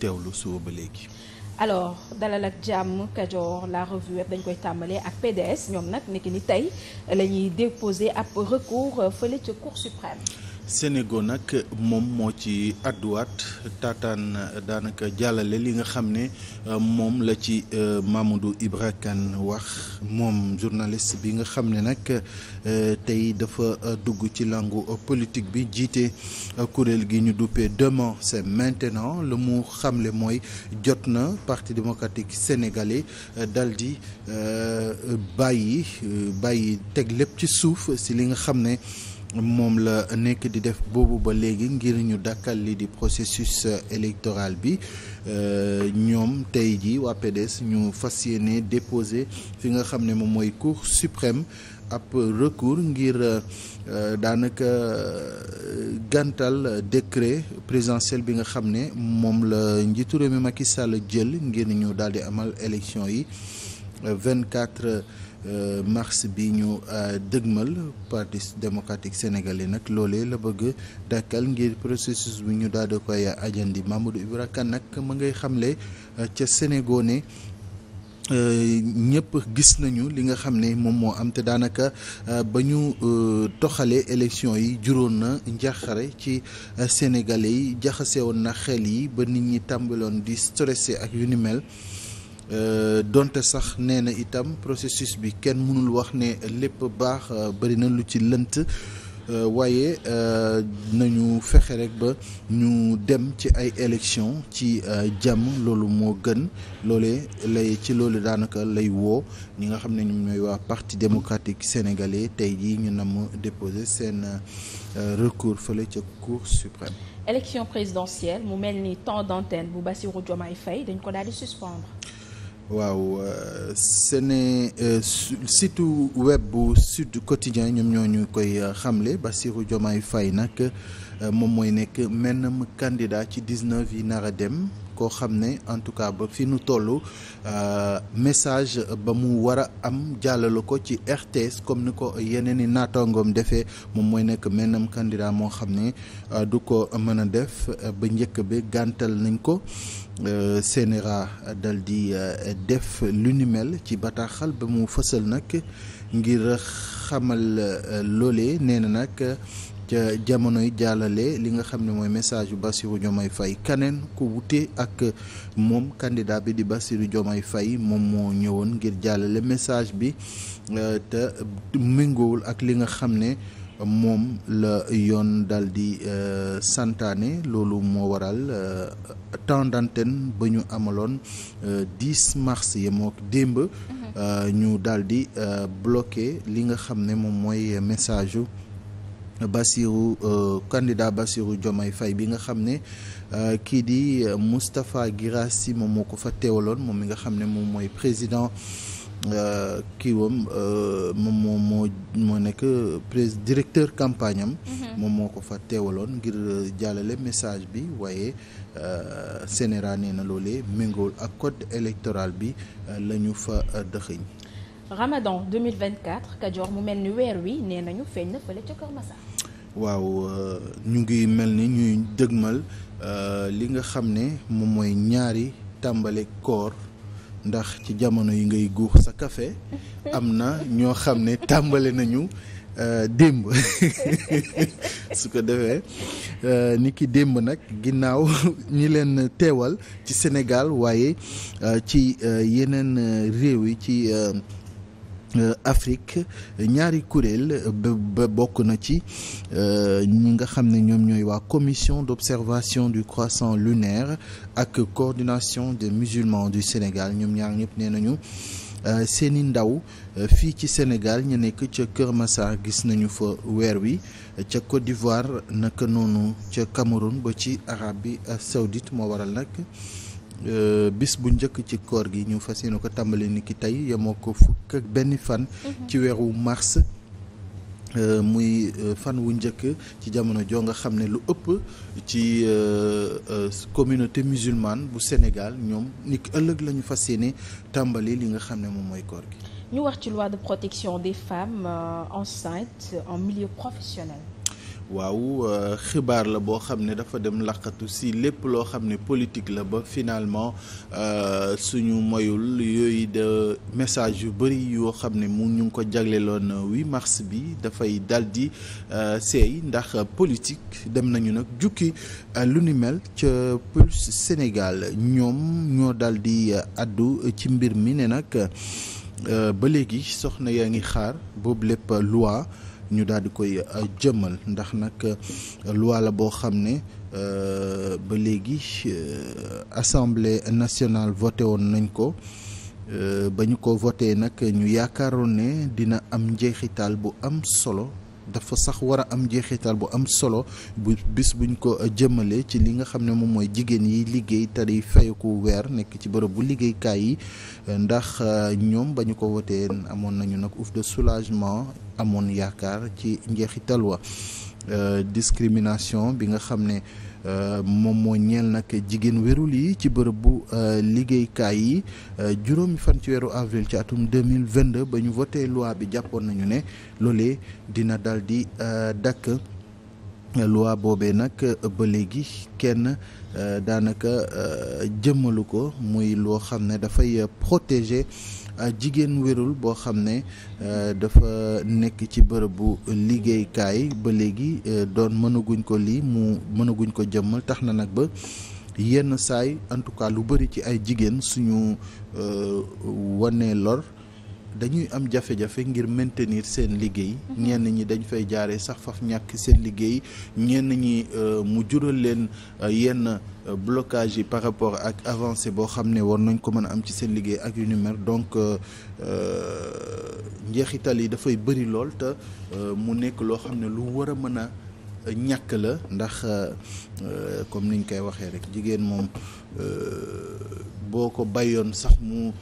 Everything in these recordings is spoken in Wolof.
teewlu suba léegi. alors dalal ak jàmm Kajoor la revue web dañ koy tàmbalee ak PDS ñoom nag nekk ni tey la déposé ab recours fële ca Cour Sénégal nag moom moo ci àdduwaat taataan daanaka jàllale li nga xam ne euh, moom la ci euh, Mamadou Ibra kan wax moom journaliste bi nga xam ne nag euh, tey dafa dugg ci langu politique bi jiite kuréel gi ñu duppee demain c'est maintenant lu mu xamle mooy jot na parti démocratique sénégalais dal di bàyyi bàyyi teg lépp ci suuf si li nga xam ne. moom la nekk di def boobu ba léegi ngir ñu dakkal li di processus euh, électoral bi euh, ñoom tey ji waa PDS ñu fas yéene déposé fi nga xam ne moom mooy cour suprême ab recours ngir euh, daanaka gantal décret présidentiel bi nga xam ne moom la njiitu réew mi Macky Sall jël ngir ñu daal di amal élection yi 24 Euh, mars bi ñu euh, dëgmal parti démocratique sénégalais nag loole la bëgg dàkkal ngir processus bi ñu daal di koy ajandi Mamadou Ibra Kane nag ma ngay xamle euh, ca Sénégal ne ñëpp gis nañu li nga xam ne moom moo am te daanaka ba ñu toxalee élection yi juróon na njaaxare ci sénégalais yi jaxasewoon na xel yi ba nit ñi tàmbaloon di stressé ak yu ni mel. Euh, donte sax nee na itam processus bi kenn mënul wax ne lépp baax euh, bëri na lu ci lënt euh, waaye nañu fexe rek ba ñu dem ci ay élections ci jàmm loolu moo gën loole lay ci loolu daanaka lay woo ñi nga xam ne ñoom ñooy wax parti démocratique sénégalais tey jii ñu nam déposer seen recours fële ca cour suprême. élection présidentielle mu mel ni temps d'antenne bu Bassirou Diomaye Faye dañ ko daal di suspendre. waaw sene euh, euh, site web bu Sud Quotidien ñoom ñoo ñu koy euh, xamle ba Bassirou Diomaye fay nag moom mooy nekk mennam candidat ci 19 yi nar a dem koo xam ne en tout cas ba fi nu toll message ba mu war a am jàllale ko ci RTS comme ni ko yeneen i naataangoom defee moom mooy nekk mennam candidat moo xam ne du ko mën a def ba njëkk bi gàntal nañ ko. CNRA euh, dal di euh, def lu ni mel ci bataaxal ba mu fësal nag ngir xamal euh, loolee nee na nag ca jamonoy jàllale li nga xam ne mooy message bu Bassirou jomay fay kaneen ku wute ak moom kandidaa bi di Bassirou Diomaye Faye moom moo ñëwoon ngir jàllale message bi te méngoowul ak li nga xam ne moom la yoon daal di euh, santaane loolu moo waral euh, temps d'antenne ba ñu amaloon 10 euh, mars yemook démb ñu daal di bloqué li nga xam ne moom mooy message yu kandidaa candidat Bassirou Diomaye Faye bi nga xam ne kii di Moustapha Guirassy moom moo ko fa teewaloon moom mi nga xam ne moom mooy président Euh, kii wam euh, moom moo moo moo nekk euh, président directeur campagne mm-hmm. moom moo ko fa teewaloon ngir jàllale message bi waaye CNRA nee na loolee méngool ak code électoral bi la ñu fa dëxëñ. Ramadan 2024 Kajoor mu mel ni weer wi nee nañu feeñ na fële ca Kër Massar. waaw ñu ngi mel ni ñuy dëgmal li nga xam ne moom mooy ñaari tàmbale koor. ndax ci jamono yi ngay guux sa kafe am na ñoo xam ne tàmbale nañu euh, démb su ko defee euh, ni ki démb nag ginnaaw ñi leen teewal ci Sénégal waaye euh, ci yeneen réew yi ci Euh, Afrique ñaari kuréel ba bokk na ci euh, ñi nga xam ne ñoom ñooy waa commission d'observation du croissant lunaire ak coordination des musulmans du Sénégal ñoom ñaar ñëpp nee nañu euh, seeni ndaw fii ci Sénégal ñu nekk ca Kër Massar gis nañu fa weer wi ca Côte d'Ivoire naka noonu ca Cameroun ba ci bi Saoudite moo waral nag Euh, bis bu njëkk ci koor gi ñu fas yéene ko tàmbali nit ki tey yemoo ko fukk benn fan mhm. ci weeru mars euh, muy euh, fan wu njëkk ci jamono joo nga xam ne lu ëpp ci communauté musulmane bu Sénégal ñoom nit ëllëg la ñu fas yéene tàmbali li nga xam ne moom mooy koor gi ñu wax ci loi de protection des femmes enceintes en milieu professionnel waaw euh, xibaar la boo xam ne dafa dem laqatu si lépp loo xam ne politique la ba finalement euh, suñu moyul yooyu de message yu bëri yoo xam ne mu ñu ngi ko jagleeloon 8 mars bi dafay daldi euh, seey ndax politique dem nañu nag jukki lu ni mel ca Pulse Sénégal ñoom ñoo daldi addu ci mbir mi ne nag ba léegi soxna yaa ngi xaar boobu lépp loi ñu daal di koy euh, jëmmal ndax nag euh, loi boo xam ne euh, ba léegi assemblée nationale voté woon nañ ko ba ñu ko voté nag ñu yaakaaroon ne dina am njeexital bu am solo. dafa sax war a am jeexital bu am solo bu bis buñ ko euh, jëmale ci li nga xam ne moom mooy jigéen yi liggéey te di fayeku weer nekk ci bërëb bu liggéeykaay yi euh, ndax euh, ñoom ba ñu ko wotee amoon nañu nag ouf de soulagement amoon yaakaar ci njeexital wa discrimination bi nga xam ne Euh, moom moo ñeel nag jigéen wérul yi ci bërëb bu euh, liggéeykaay yi euh, juróomi fan ci weeru avril ci atum 2022 ba ñu voté loi bi jàppoon nañu ne loolee dina dal di dakk loi boobee nag ba léegi kenn daanaka jëmmalu ko muy loo xam ne dafay protéger Euh, jigéen wérul boo xam ne euh, dafa nekk ci bërëbu liggéeykaay ba léegi euh, doon mënaguñ ko lii mu mënaguñ ko jëmmal tax na nag ba yenn saay en tout cas lu bëri ci ay jigéen suñu wanee lor dañuy am jafe-jafe ngir maintenir seen liggéey ñenn ñi dañ fay jaaree sax faf ñàkk seen liggéey ñenn ñi euh, mu jural leen euh, yenn euh, blocage yi par rapport ak avancée boo xam ne war nañ ko mën a am ci seen liggéey ak yu nu mer donc njeexital yi dafay bëri lool te mu nekk loo xam ne lu war a mën a ñàkk la ndax Euh, comme ni ñu koy waxee rek jigéen moom euh, boo ko bayoon sax mu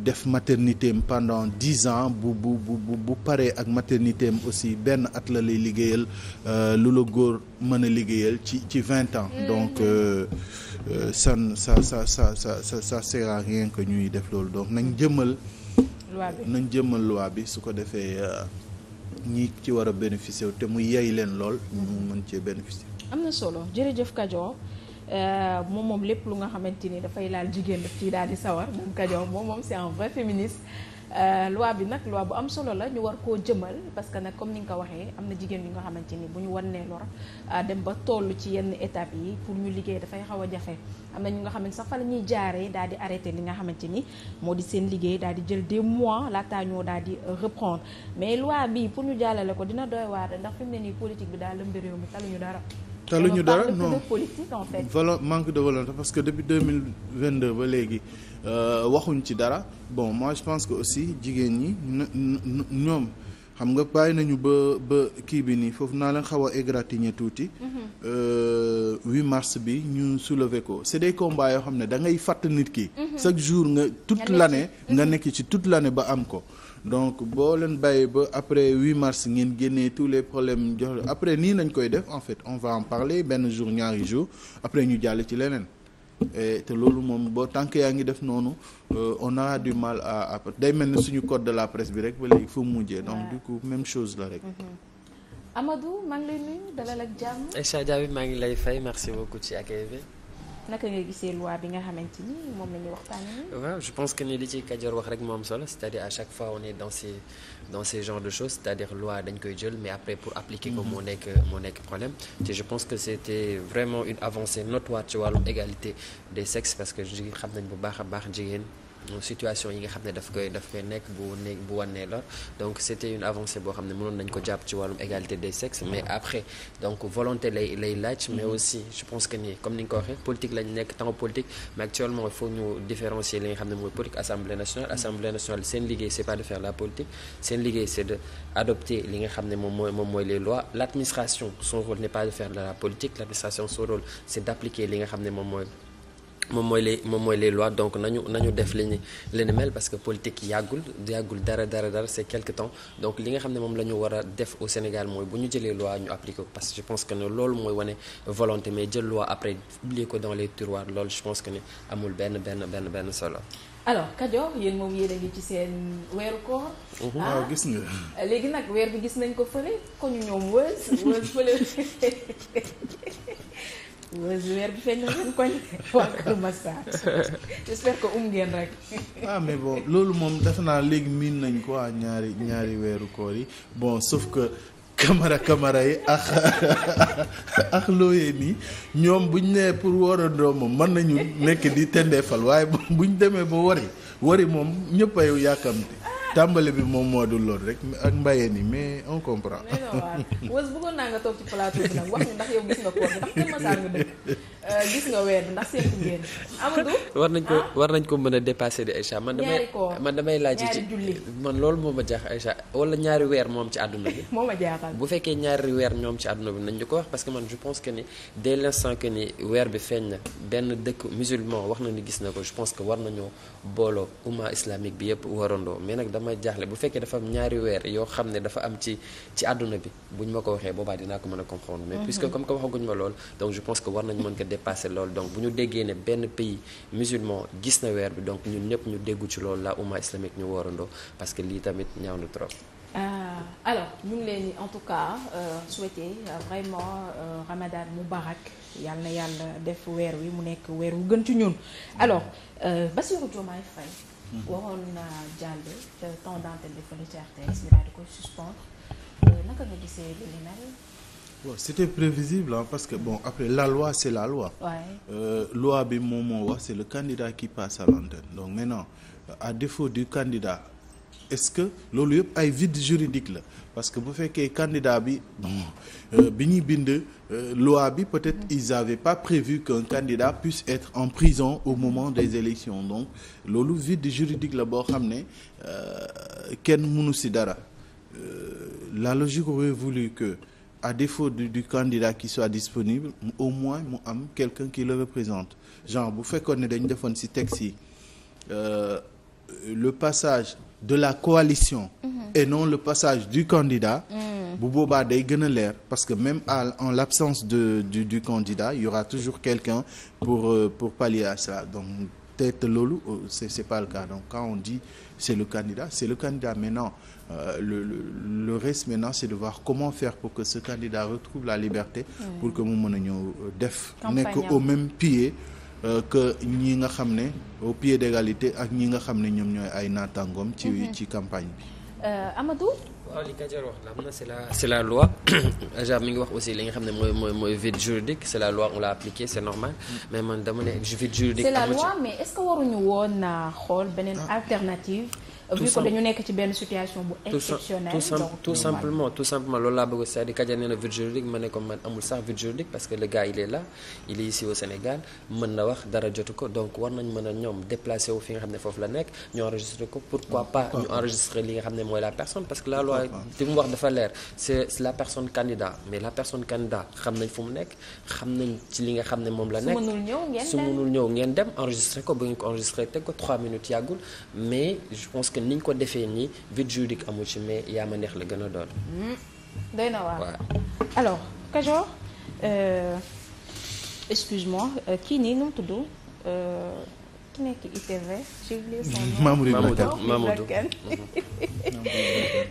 def maternité am pendant dix ans bu bu bu bu paree ak maternité am aussi benn at la lay liggéeyal euh, lu la góor mën a liggéeyal ci ci vingt ans. Mm-hmm. donc ça ça ça ça sa ça sert à rien ñuy def loolu donc nañ jëmmal. loi bi nañ jëmmal loi bi su ko defee ñi ci war a bénéficier te mu yey leen lool. ñu mën cee bénéficier. am na solo jërëjëf Kajoor euh, moom moom lépp lu nga xamante ni dafay laal jigéen daf ciy daal di sawar moom Kajoor moom moom c'est un vrai féministe euh, loi bi nag loi bu am solo la ñu war koo jëmal parce que nag comme ni nga ko waxee am na jigéen yu nga xamante ni bu ñu wannee lor euh, dem ba toll ci yenn étapes yi pour ñu liggéey dafay xaw a jafe am na ñu nga xam ne sax fa la ñuy jaaree daal di arrêté li nga xamante ni moo di seen liggéey daal di jël des mois laataa ñoo daal di reprendre mais loi bi pour ñu jàllale ko dina doy waar ndax fi mu ne nii politique bi daal lëmbi réew mi taluñu dara. ñu dara non de manque de volonté parce que depuis deux mille vingt deux ba léegi euh, waxuñ ci dara bon moi je pense que aussi jigéen ñi ñoom xam nga bàyyi nañu ba ba kii bi nii foofu naa leen xaw a égratigner tuuti. 8 mhm. euh, mars bi ñu soulever ko c'est des combats yoo xam ne da ngay fàtt nit ki. Mhm. chaque jour nga toute l'année nga mhm. nekk ci toute l'année ba am ko. donc boo leen bàyyi ba après 8 mars ngeen génnee tous les problèmes jox après nii lañ koy def en fait on va en parler benn jour ñaari jour après ñu jàll ci leneen te loolu moom boo tànk yaa ngi def noonu euh, on aura du mal à à day mel ne suñu code de la presse bi rek ba léegi fa mujjee donc du coup même chose la rek. Mhm. Amadou maa ngi lay nuyu dalal ak jàmm. Aïcha Diaby maa ngi lay fay merci beaucoup ci accueil bi. naka ngay gisee loi bi nga xamante ni moom la ñuy waxtaanee. waaw pense que ni li ci Kajoor wax rek moo am solo c'est-à-dire à chaque fois on est dans ces dans de choses c'est-à-dire loi dañ koy jël mais après pour appliquer ko mhm. moo nekk moo nekk problème je pense que c'était vraiment une avancée notoire ci wàllum égalité des sexes parce que jigéen xam nañ bu baax a baax jigéen. situation yi nga xam ne daf koy daf koy nekk bu nekk bu la donc c'était une avancée boo xam ne mënoon nañ ko jàpp ci wàllum égalité des sexes mais après donc mais mhm. aussi je pense que nii comme ni ko waxee politique lañ nekk temps politique mais actuellement xam ne mooy politique assemblée nationale mhm. assemblée nationale seen liggéey c'est pas de faire la nga xam ne moom mooy moom mooy les lois l'administration son rôle n'est pas de faire de la politique l'administration son rôle c'est d'appliquer li nga xam ne moom mooy moom mooy les moom mooy les lois donc nañu nañu def li ñu li mel parce que politique yàggul yàggul dara dara dara c'est quelque temps donc li nga xam ne moom la ñu war a def au Sénégal mooy bu ñu jëlee loi ñu appliquer parce que je pense que ne loolu mooy wane volonté mais jël loi après publier ko dans les tiroirs loolu je pense que ne amul benn benn benn benn solo. alors Kajoor yéen moom yéen ngi ci seen weeru koor. Ah. waaw gis nga. léegi nag weer bi gis nañ ko fële ko ñu ñoom wëz weer bi feeñ na ngeen koñ waa Kër Massar j'espère que um ngeen rek. ah mais bon loolu moom defe naa léegi miin nañ ko waa ñaari ñaari weeru koor yi bon sauf ko kamara kamara yi ak ak looyee nii ñoom buñ nee pour warandoo moom mën nañu nekk di tendeefal waaye buñ demee ba wari wari moom ñëpp a tàmbali bi moom moo dul loolu rek ak mbayeen ni mais on comprend. mais non wax ñu ndax yow gis nga koor euh, bi ndax Kër Masar ngeen Amadou. war nañ ko ah? war nañ ko mën a dépasser di Aïcha man damay man damay laaj ci man loolu moo ma jaaxal Aïcha wala ñaari weer moom ci àdduna bi. moo ma jaaxal bu fekkee ñaari weer ñoom ci àdduna bi nañ ñu ko wax parce que man je pense que ni dès l'instant que ni weer bi feeñ na benn dëkk musulman wax na ni gis na ko je pense que war nañoo booloo umma islamique bi yëpp warandoo mais nag dama jaaxle bu fekkee dafa ñaari weer yoo xam ne dafa am ci ci àdduna bi buñ ma ko waxee boobaa dinaa ko mën a comprendre mais mhm. puisque comme que waxaguñ ma lool donc je pense que war nañ mën ko dépasser lool donc bu ñu déggee ne benn pays musulman gis na weer bi donc ñun ñëpp ñu déggu ci lool la umma islamique ñu warandoo parce que lii tamit ñaaw na trop Euh, alors ñu ngi leen en tout cas euh, souhaiter euh, vraiment euh, Ramadan Moubarak yàlla na yàlla def weer wi mu nekk weer wu gën ci ñun alors euh, Bassirou Diomaye Faye mhm. waroon na jàll te temps d'antenne bi fële di koy suspendre naka nga gisee li ni mel waaw c'était prévisible parce que bon après la loi c'est la loi loi bi moom moo wax c'est le candidat qui passe à l'antenne donc maintenant à défaut du candidat est-ce que loolu yëpp ay vide juridique la parce que bu fekkee candidat bi euh, bi ñuy bind euh, loi bi peut-être ils avaient pas prévu qu'un candidat puisse être en prison au moment des élections donc loolu vide juridique la boo xam ne euh, kenn mënu ci dara la logique aurait voulu que à défaut du, du candidat qui soit disponible au moins mu am quelqu'un qui le représente genre bu fekkoon ne dañ defoon ci texte yi le passage de la coalition mm-hmm. et non le passage du candidat mm. bu boobaa day gën a leer parce que même à, en l'absence de du, du candidat il y aura toujours quelqu'un pour euh, à ça donc peut-être euh, c'est pas le cas donc quand on dit c'est le candidat c'est le candidat maintenant euh, le, le le reste c'est de voir comment faire pour que ce candidat retrouve la liberté mm. pour que mu mën a ñëw euh, def nekk au même pied Euh, que ñi nga xam ne au pied d'égalité ak ñi nga xam ne ñoom ñooy ay naataangoom. ci mhm. ci campagne bi. Euh, Amadou. waaw li la am c'est la c'est la loi Aja mi ngi wax aussi li nga xam ne mooy mooy mooy vide juridique c'est la loi on l'a appliquée c'est normal mm. mais man dama ne vide juridique. c'est la loi mais est-ce que waruñu woon euh, xool beneen ah. alternative. vu que dañu nekk ci benn situation bu exceptionnelle donc tout simplement tout simplement loolu laa bëgg c'est-à-dire na vide juridique ma ne ko man amul sax vide juridique parce que le il est là au Sénégal mën na wax dara jotu ko donc war nañ mën a ñoom déplacé wu fi nga xam ne foofu la nekk ñu enregistré ko pourquoi pas ñu enregistré li nga xam ne mooy la personne parce que la loi li mu wax dafa leer c'est la personne candidat mais la personne candidat xam nañ fu mu nekk xam nañ ci li nga xam ne moom la nekk su mënul ñëw ngeen dem que niñ ko defee nii vide juridique amul ci mais yaa ma neex la gën a doon. Hmm, doy na waaw alors Kajoor euh, euh, kii nii nu mu tudd. Euh, ki nekk ITV. j'ai oublié son nom Mamadou Brakan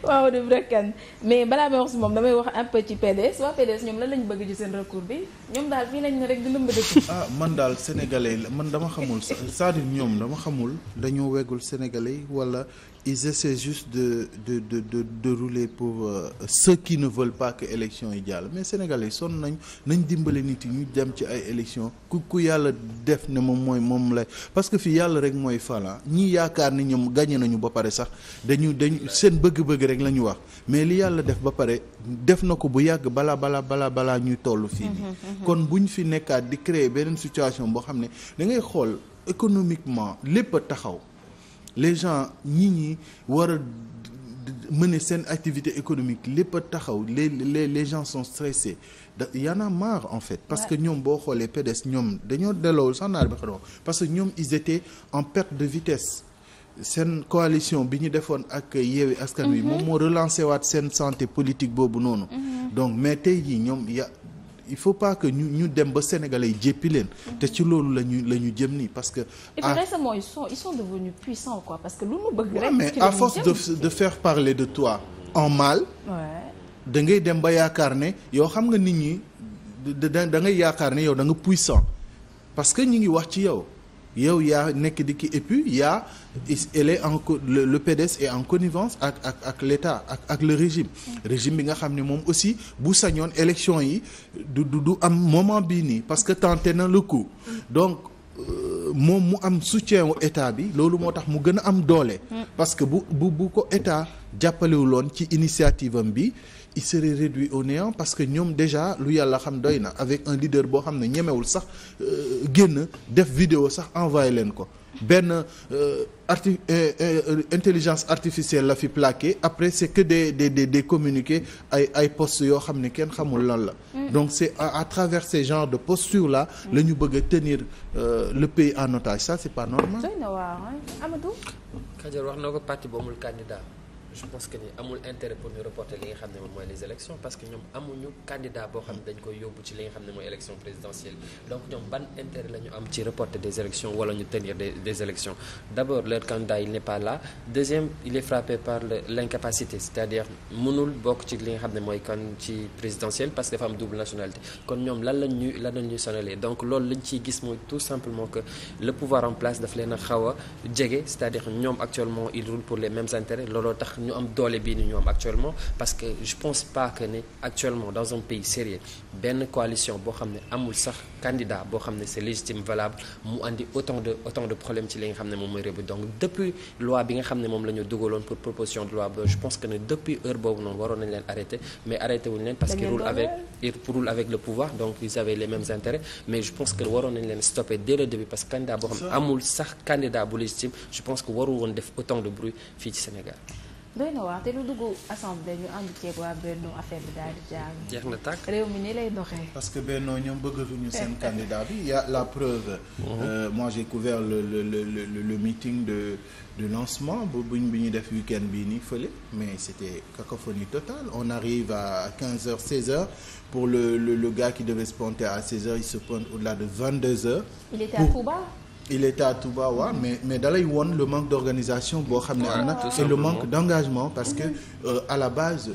Mamadou Brakan mais balaa may wax si moom damay wax un peu ci PDS waa PDS ñoom lan lañ bëgg ci seen recours bi ñoom daal fii lañ ne rek di lëmb dëkk. ah man daal sénégalais la man dama xamul c'est-à-dire ñoom dama xamul dañoo weggul sénégalais wala ils essaient juste de de de de, de rouler pour euh, ceux qui ne veulent élection yi jàll mais sénégalais sonn nañ nañ dimbale nit yi ñu dem ci ay élection ku ku yàlla def ne moom mooy moom lay parce que fii yàlla rek mooy falan ah. ñi yaakaar ne ñoom gagné nañu ba pare sax dañu dañu seen bëgg-bëgg rek la ñu wax mais li yàlla def ba pare def na ko bu yàgg balaa balaa balaa balaa ñuy toll fii nii mhm, mhm. kon buñ fi nekkaat di créer beneen situation boo xam ne da ngay xool économiquement lépp taxaw les gens ñi ñi war a mener seen activité économique lépp a taxaw les les les gens sont stressés da y en fait. parce que ñoom boo xoolee PDS ñoom dañoo delloo sax naar bi xamoo parce que ñoom ils étaient en perte de vitesse. seen coalition bi ñu defoon ak Yewwi Askan Wi. Mhm. moom moo relancé waat seen santé politique boobu noonu. Mhm. donc mais tey jii ñoom il faut pas que ñu ñu dem ba sénégal yi jéppi leen. Mm-hmm. te ci loolu la ñu la ñu jëm nii parce que. et puis récemment ils sont ils sont parce que lu mu bëgg rek. à force de de faire parler de toi en mal. da ngay dem ba yaakaar ne yow xam nga nit ñi da yaakaar ne yow da nga puissant parce que ñi ngi wax ci yow. yow yaa nekk di ki et puis yaa elle est en le, le PDS est en connivence ak ak ak l'État ak ak le régime mm. régime bi nga xam ne moom aussi bu sañoon élection yi du du am moment bii nii parce que tenté na lu ko mm. donc euh, moom mu am soutien wu état bi loolu moo tax mu gën a am doole mm. parce que bu bu bu ko état jàppalewuloon ci initiative am bi il serait réduit au néant parce que ñoom déjà lu yàlla xam doy na avec un leader boo xam ne ñemewul sax euh, génn def vidéo sax envoyé leen ko benn euh, arti euh, intelligence artificielle la fi plaqué après c'est que des des des ay post yoo xam ne kenn xamul lan la. Mm. donc c'est à, à travers ces genres de post là. Mm. la ñu bëgg a tenir euh, le pays en otage ça c'est pas normal. doy na waaw Amadou. Kajoor wax na ko parti boomul candidat. je pense que ni amul intérêt pour ñu reporter li nga xam ne moom mooy les élections parce que ñoom amuñu candidat boo xam ne dañ koy yóbbu ci li nga xam ne mooy élection présidentielle donc ñoom ban intérêt la am ci reporter des élections wala ñu tenir des élections d' leur candidat il n' pas là deuxième il est frappé par l' incapacité c' est dire mënul bokk ci li nga xam ne mooy kan ci présidentielle parce que dafa am double nationalité que le pouvoir en place daf leen a xaw a jege c' est à dire ñoom actuellement ils ñu am doole bii ni ñu am actuellement parce que je pense pas que ne actuellement dans un pays sérieux benn coalition boo xam ne amul sax candidat boo xam ne c'est légitime valable mu andi autant de autant de problèmes ci li nga xam ne moom mooy réew bi donc depuis loi bi nga xam ne moom la ñu dugaloon pour proposition de loi ba je pense que ne depuis heure boobu noonu waroon nañ leen arrêté mais arrêté wuñ leen parce qu'ils roulent avec ils roulent avec le pouvoir donc ils avaient les mêmes intérêts mais je pense que waroon nañ leen stoppé dès le début parce que candidat boo xam ne amul sax candidat bu légitime je pense que waru woon def autant de bruit fii ci Sénégal doy na waax te lu dugg assemblée ñu mi ni lay doxee. parce que Benno ñoom bëggatuñu seen candidat la preuve. Euh, moi j'ai couvert le le de de lancement bu ñu def week-end bii nii fële mais c'était cacophonie totale on arrive à 15 heures pour le le le gars qui devait se pointer à 16 de 22 heures. il il était à ba waaw mais mais dalay woon le manque d'organisation boo xam ne am na et le manque d'engagement parce que mhm. euh, à la base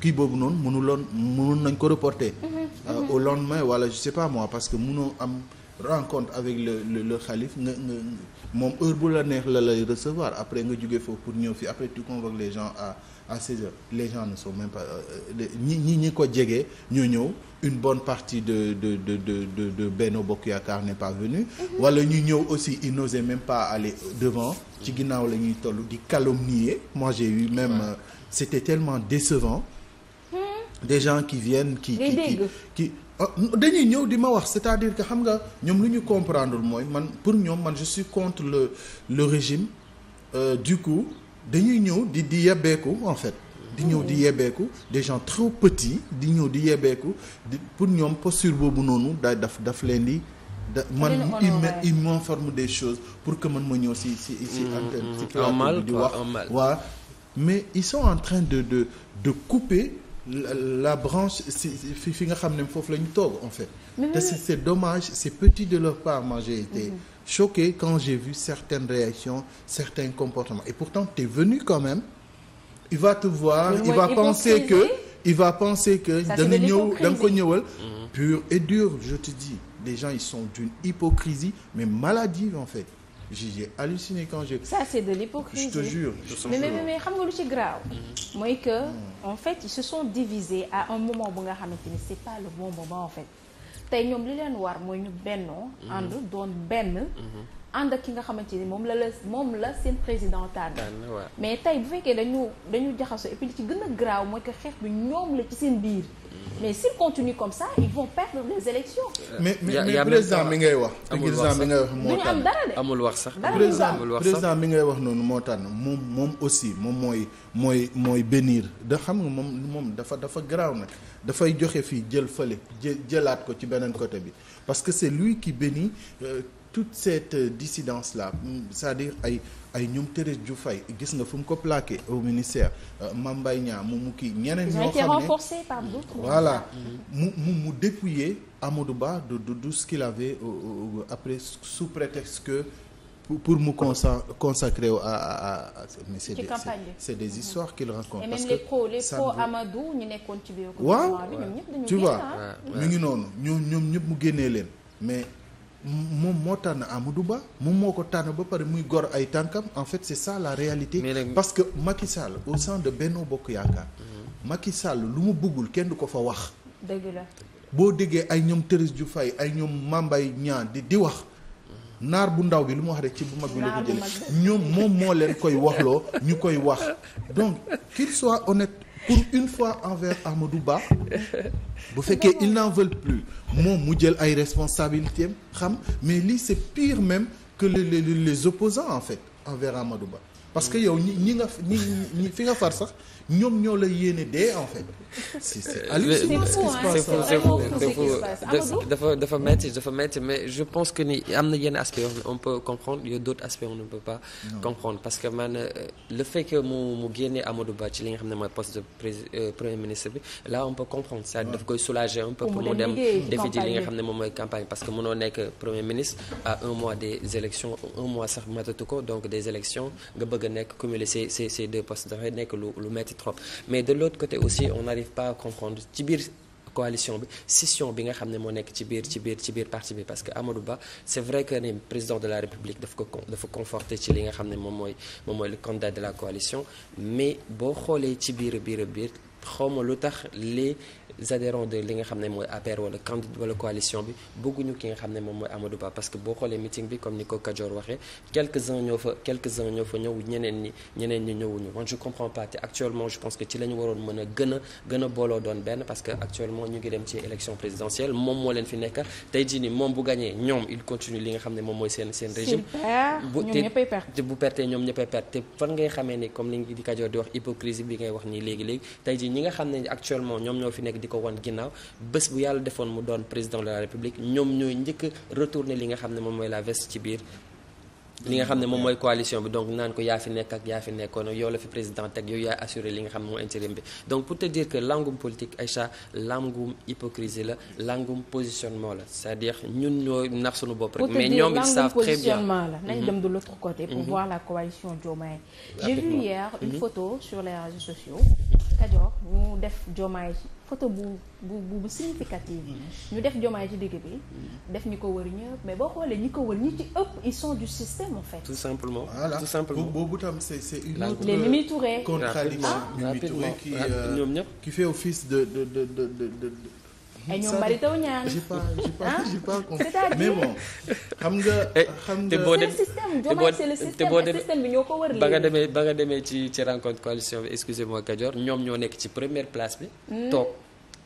kii boobu noonu mënuloon mënoon nañ ko reporter mhm. Euh, mhm. au lendemain wala voilà, je sais pas moi parce que mënoo am rencontre avec le le le nga nga moom heure bu la neex la lay recevoir après nga jóge foofu pour ñëw fi après tu convoques les gens à à 16 les gens ne sont même pas euh, euh, ñi ñi ko jege ñu ñëw une bonne partie de de de de de de Benno Bokk Yaakaar ne pas venu mhm. wala ñu ñëw aussi ils n'osaient même pas aller devant ci ginnaaw la ñuy toll di calomnier moi j'ai eu même ouais. euh, c'était tellement décevant hmm. des gens qui viennent qui qui qui, qui oh, dañuy ñëw di ma wax c'est-à-dire que xam nga ñoom lu ñu comprendre mooy man pour ñoom man je suis contre le le régime euh, du coup dañuy ñëw di di yebbeeku en fait di ñëw di yebbeeku des gens trop petits di ñëw di yebbeeku di pour ñoom posture boobu noonu day daf daf leen di da man il forme des choses pour que man ma ñëw si si si mm-hmm. antenne si plateau di wax waaw mais ils sont en train de de de couper la, la branche fi nga xam ne foofu la ñu toog en fait te dommage c'est petit de leur part moi j'ai été choqué quand j'ai vu certaines réactions, certains comportements. Et pourtant, tu es venu quand même. Il va te voir, il va penser que il va penser que danga ñëw da nga ko ñëwal pur et dur, je te dis. Les gens ils sont d'une hypocrisie mais maladive en fait. J'ai halluciné quand j'ai Ça c'est de l'hypocrisie. Je te jure. Mais mais mais xam nga lu ci grave. Mhm. mooy que hmm. en fait, ils se sont divisés à un moment bu nga xamante ni c'est pas le bon moment en fait. tey ñoom li leen war mooy ñu bennoo mhm. ànd doon benn mhm. ànd ak ki nga xamante ni moom la la moom la seen président tànn mais tey bu fekkee dañu dañu jaxasoo et puis li ci gën a graaw mooy que xeex bi ñoom la ci seen biir mm-hmm. mais s'ils continuent comme ça ils vont perdre les élections mais wax président mi ngay wax moo ngay wax noonu moo tànn moom moom aussi moom mooy mooy mooy bénir da xam nga moom moom dafa dafa graaw nag dafay joxe fii jël fële jë jëlaat ko ci beneen côté bi parce que c'est lui qui bénit euh, toute cette euh, dissidence là mm, c'est-à-dire ay ay ñoom Thérèse Diouf gis nga fu mu ko plaqué au ministère euh, Mame Mbaye Niang mu mu kii ñeneen ñoo xam ne renforcé par mm. voilà mm. mu mu mu dépouillé Amadou Ba de après sous pour mu consa consacrer à à à mais parce que les ngi noonu ñoom ñoom ñëpp mu génnee leen moom moo tànn du Ba moom moo ko tànn ba pare muy gor ay tànkam en fait c'est ça la réalité parce que Macky Sall au sein de Benno Bokk Yaakaar mhm. Macky Sall lu mu bëggul kenn du ko fa wax dëgg boo déggee ay ñoom ju Diofaye ay ñoom Mambay Niang di di wax naar bu ndaw bi lu mu wax rek ci bu mag bi la ko jëlee ñoom moom moo leen koy waxloo ñu koy wax donc qu'il soit honnête pour une fois envers Amadou Ba bu fekkee ils n'en veulent plus moom mu jël ay responsabilités xam mais lii c'est pire même que les les les opposants en fait envers Amadou Ba parce que yow ñi ñi nga ñi ñi fi nga far sax ñoom ñoo la yéene dee en fait. dafa dafa métti dafa métti mais je pense que ni am na yenn aspect yoo on peut comprendre yooyu d'autres aspects on ne peut pas comprendre parce que man euh, le fait que mu mu génnee Amadou Ba ci li nga xam ne mooy poste de euh, premier ministre bi là on peut comprendre ça daf koy soulager un peu pour mu dem defi li nga xam ne moom mooy campagne parce que mënoo nekk premier ministre à un mois des élections un mois sax matatu ko donc des élections nga métti trop mais de l'autre côté aussi on n'arrive pas à comprendre ci biir coalition bi scission bi nga xam ne moo nekk ci biir ci biir ci biir parti bi parce que Amadou Ba c'est vrai que ni président de la République daf ko dafa conforté ci li nga xam ne moom mooy moom mooy le candidat de la coalition mais boo xoolee ci biir biir biir xawma lu tax les adhérents de li nga xam ne mooy APR wala candidat wala coalition bi bëgguñu ki nga xam ne moom mooy Amadou Ba parce actuellement je pense que ci la waroon mën a gën booloo doon benn parce que actuellement ñu ngi dem ci élection présidentielle moom moo leen fi nekk tey jii moom bu gañee ñoom il continue li nga xam ne moom mooy seen seen régime te bu pertee ñoom ñëppay perte te fan ngay xamee ni comme li di Kajoor di wax hypocrisie ñi nga xam ne actuellement ñoom ñoo fi nekk di ko wan ginnaaw bés bu yàlla defoon mu doon président de la république ñoom ñooy njëkk retourner li nga xam ne moom mooy la veste ci biir li nga xam ne moom mooy coalition bi donc naan ko yaa fi nekk ak yaa fi nekkoon ak yow la fi président teg yow yaa assuré li nga xam ne mooy intérim bi donc pour te dire que langum politique Aïcha langum hypocrisie la langum positionnement la c'est-à-dire ñun ñoo nax suñu bopp rek mais ñoom ils savent très bien positionnement la nañ mhm. dem l' autre côté pour mhm. la coalition Diomaye j'ai vu hier une mhm. photo Kajoor ñu def jomaay ci photo bu bu bu significative mm-hmm. ñu def jomaay ci digg bi mm-hmm. def ñi ko war ñëpp mais boo xoolee ñi ko wër ñi ci ëpp ils sont du système en fait. tout simplement boobu tam c'est c'est une autre les Mimi Touré contradiction Mimi Touré qui euh, ñoom ñëpp qui fait office de de de de de ay ñoom bari taw ah, xam nga. Eh, xam nga c'est le système Diomaye c'est le bi ñoo ko wër ba nga demee ba nga demee ci ci rencontre coalition bi excusez-moi Kajoor ñoom ñoo nekk ci première place bi. Hmm. toog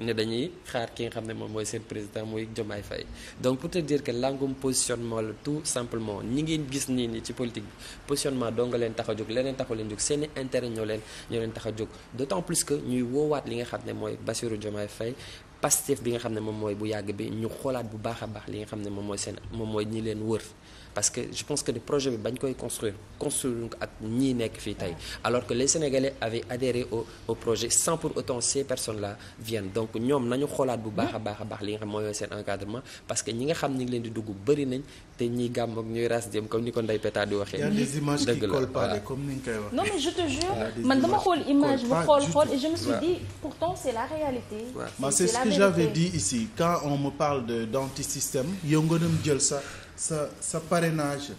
ne dañuy xaar ki nga xam ne moom mooy seen président muy Diomaye Faye donc pour te dire que langum positionnement la tout simplement ñi ngi gis nii nii ci politique bi positionnement doo nga leen tax a jóg leneen taxu leen jóg seeni intérêt ñoo leen ñoo leen tax a jóg d'autant plus que ñuy woowaat li nga xam ne mooy Bassirou Diomaye Faye Pastef bi nga xam ne moom mooy bu yàgg bi ñu xoolaat bu baax a baax li nga xam ne moom mooy seen moom mooy ñi leen wër parce que je pense que le projet bi bañ koy construire construire ak ñii nekk fii tey alors que les Sénégalais avaient adhéré au au projet sans pour autant ces personnes là viennent donc ñoom nañu xoolaat bu baax a baax a baax li nga xam mooy seen encadrement parce que ñi nga xam ñi leen di dugg bëri nañ te ñiy gàmm ak ñuy ras jëm comme ni ko Ndeye Péta di waxee. dëgg la voilà comme ni nga koy waxee. non mais je te jure man dama xool image bu xool xool et je me suis dit pourtant c'est la réalité. sa sa parrainage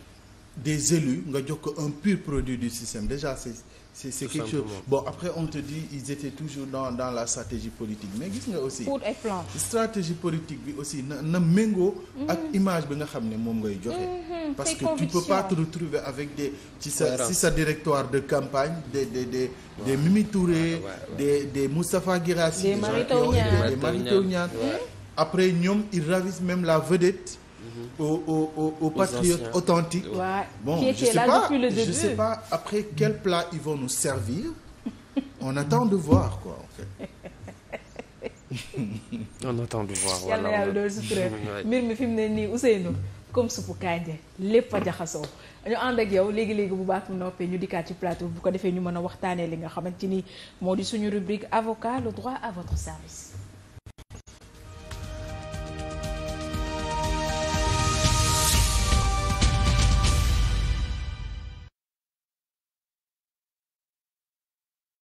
des élus nga jox ko un pur produit du système déjà c'est c'est c'est quelque chose bon après on te dit ils étaient toujours dans dans la stratégie politique mais gis nga aussi pour et plan stratégie politique bi aussi na na méngoo ak mhm. image bi nga xam ne moom ngay joxe mhm. parce que tu peux pas te retrouver avec des ci sa ci sa directoire de campagne des des des des Mimi Touré des des Moustapha Guirassy des Mary Teuw Niane après ñoom ils ravissent même la vedette aux aux aux, aux patriotes anciens. authentiques. Ouais. Bon, qui je sais là pas, depuis le début. je sais pas après quel plat ils vont nous servir. On attend de voir quoi en fait. on attend de voir yàlla yàlla doolu sutura mbir mi fi mu ne nii Ousseynou comme suppu kànja lépp a jaxasoo ñu ànd ak yow léegi-léegi bu baax mu noppee ñu dikkaat ci plateau bu ko defee ñu mën a waxtaanee li nga xamante ni moo di suñu rubrique avocat le droit à votre service